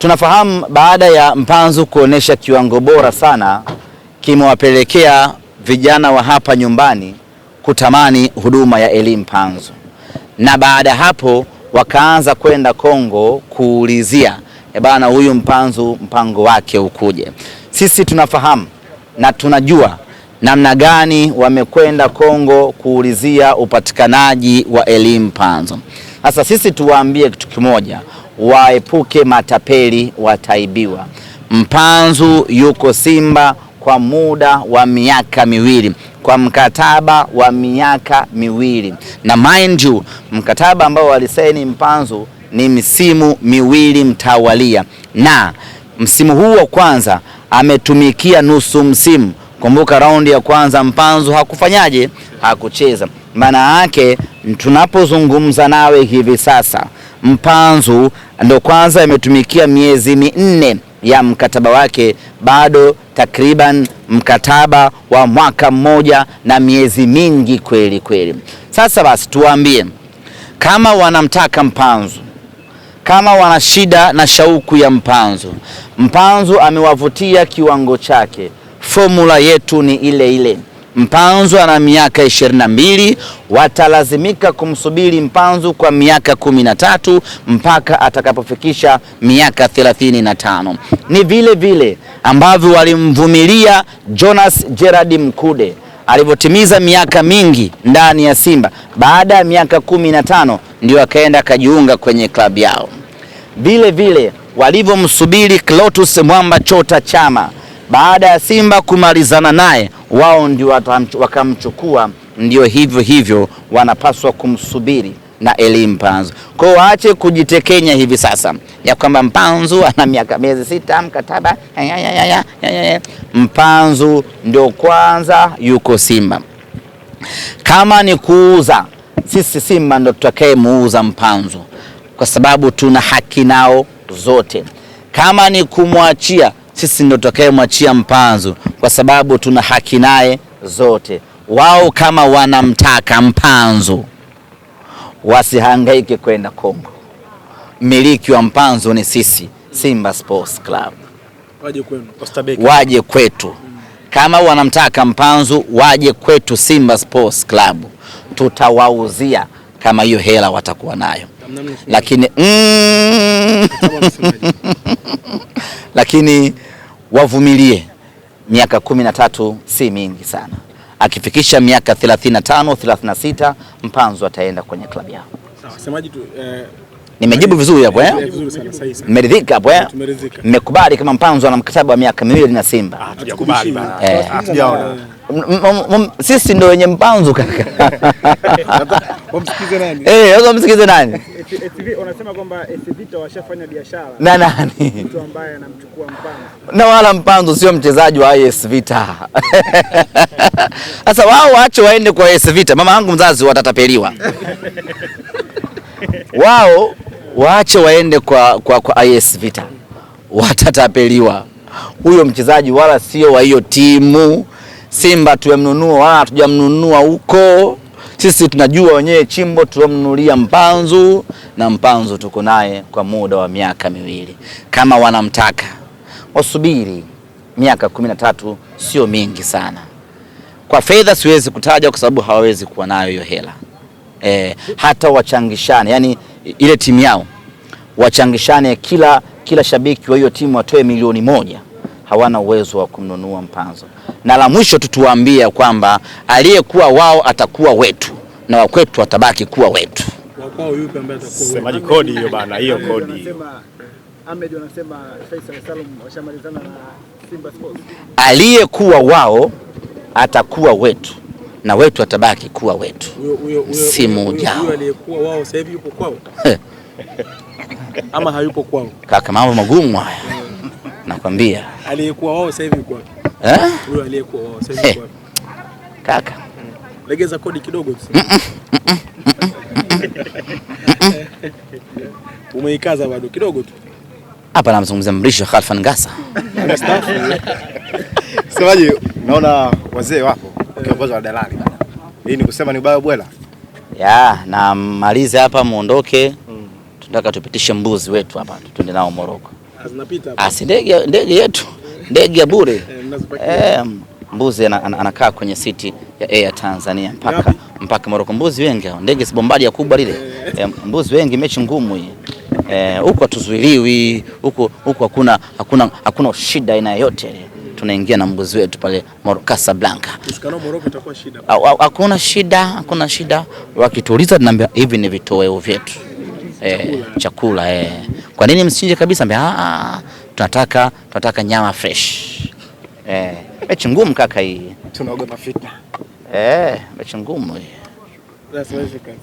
Tunafahamu baada ya Mpanzu kuonesha kiwango bora sana kimewapelekea vijana wa hapa nyumbani kutamani huduma ya elimu Mpanzu, na baada ya hapo wakaanza kwenda Kongo kuulizia e bana, huyu Mpanzu mpango wake ukuje. Sisi tunafahamu na tunajua namna gani wamekwenda Kongo kuulizia upatikanaji wa elimu Mpanzu. Sasa sisi tuwaambie kitu kimoja waepuke matapeli, wataibiwa. Mpanzu yuko Simba kwa muda wa miaka miwili kwa mkataba wa miaka miwili, na mind you, mkataba ambao walisaini Mpanzu ni misimu miwili mtawalia, na msimu huu wa kwanza ametumikia nusu msimu. Kumbuka raundi ya kwanza Mpanzu hakufanyaje? Hakucheza. Maana yake tunapozungumza nawe hivi sasa Mpanzu ndo kwanza imetumikia miezi minne ya mkataba wake, bado takriban mkataba wa mwaka mmoja na miezi mingi kweli kweli. Sasa basi, tuwaambie kama wanamtaka Mpanzu, kama wana shida na shauku ya Mpanzu, Mpanzu amewavutia kiwango chake, fomula yetu ni ile ile. Mpanzu ana miaka ishirini na mbili, watalazimika kumsubiri Mpanzu kwa miaka kumi na tatu mpaka atakapofikisha miaka thelathini na tano. Ni vile vile ambavyo walimvumilia Jonas Gerard Mkude alivyotimiza miaka mingi ndani ya Simba, baada ya miaka kumi na tano ndio akaenda akajiunga kwenye klabu yao. Vile vile walivyomsubiri Clatous Mwamba Chota Chama baada ya Simba kumalizana naye, wao ndio wakamchukua. Ndio hivyo hivyo, wanapaswa kumsubiri na Eli Mpanzu. Kwa hiyo waache kujitekenya hivi sasa ya kwamba Mpanzu ana miaka miezi sita mkataba Mpanzu ndio kwanza yuko Simba. Kama ni kuuza, sisi Simba ndo muuza Mpanzu kwa sababu tuna haki nao zote. Kama ni kumwachia sisi ndio tutakayemwachia mpanzu, kwa sababu tuna haki naye zote. Wao kama wanamtaka mpanzu wasihangaike kwenda Kongo. miliki wa mpanzu ni sisi Simba Sports Club, waje kwenu, waje kwetu. Kama wanamtaka mpanzu waje kwetu Simba Sports Club, tutawauzia kama hiyo hela watakuwa nayo lakini mm, lakini wavumilie miaka kumi na tatu si mingi sana. Akifikisha miaka 35 36 Mpanzu ataenda kwenye klabu yao. Semaji tu eh... Nimejibu vizuri hapo eh? Mmeridhika hapo eh? Mmekubali kama mpanzo na mkataba wa miaka miwili na Simba. Ah, hatujakubali bana. Eh. Ah, hatujaona. Sisi ndio wenye Mpanzu kaka. Wamsikize nani? Eh, wamsikize nani? kwamba washafanya biashara. Na nani? Mtu ambaye anamchukua Na wala Mpanzu sio mchezaji wa AS Vita. Sasa wao waache waende kwa AS Vita. Mama yangu mzazi watatapeliwa. Wao waache waende kwa, kwa, kwa AS Vita watatapeliwa. Huyo mchezaji wala sio wa hiyo timu. Simba tumemnunua wala hatujamnunua huko, sisi tunajua wenyewe chimbo tuomnunulia Mpanzu, na Mpanzu tuko naye kwa muda wa miaka miwili. Kama wanamtaka wasubiri miaka kumi na tatu, sio mingi sana. Kwa fedha siwezi kutaja kwa sababu hawawezi kuwa nayo hiyo hela. E, hata wachangishane yani ile timu yao wachangishane, kila kila shabiki wa hiyo timu watoe milioni moja, hawana uwezo wa kumnunua Mpanzo. Na la mwisho tu tuwaambie kwamba aliyekuwa wao atakuwa wetu na wakwetu watabaki kuwa wetu. Semaji kodi hiyo bana, hiyo kodi. Ahmed wanasema Faisal Salum washamalizana na Simba Sports. Aliyekuwa wao atakuwa wetu na wetu atabaki kuwa wetu msimu ujao. Ama hayupo kwao. Kaka, mambo magumu haya nakwambia. Aliyekuwa wao sasa hivi kwao. Eh? Huyo aliyekuwa wao sasa hivi kwao. Kaka, legeza kodi kidogo tu. Umeikaza bado kidogo tu. Hapa namzungumzia Mrisho Khalfan Ngasa. Semaje, naona wazee wapo kiongozi wa dalali bana. Hii ni kusema ni ubaya bwela. Ya, na malize hapa muondoke. Mm. Tunataka tupitishe mbuzi wetu hapa tuende nao Moroko. Azinapita ah, hapa. Asi ah, ndege ndege yetu. Ndege ya bure. Eh, eh mbuzi anakaa kwenye siti ya Air Tanzania mpaka mpaka Moroko. Mbuzi wengi hao, ndege sibombadi ya kubwa lile. Eh. Eh, mbuzi wengi, mechi ngumu hii. Eh, huko hatuzuiliwi, huko huko hakuna hakuna hakuna shida aina yoyote ile tunaingia na mbuzi wetu pale Casablanca. Hakuna shida, hakuna shida. Wakituuliza tunaambia hivi ni vitoweo vyetu eh, chakula eh. Kwa nini msichinje kabisa? Ambia ah, ah, ah, tunataka tunataka nyama fresh eh. Mechi ngumu kaka hii. Tunaogopa fitna. Eh, mechi ngumu hii.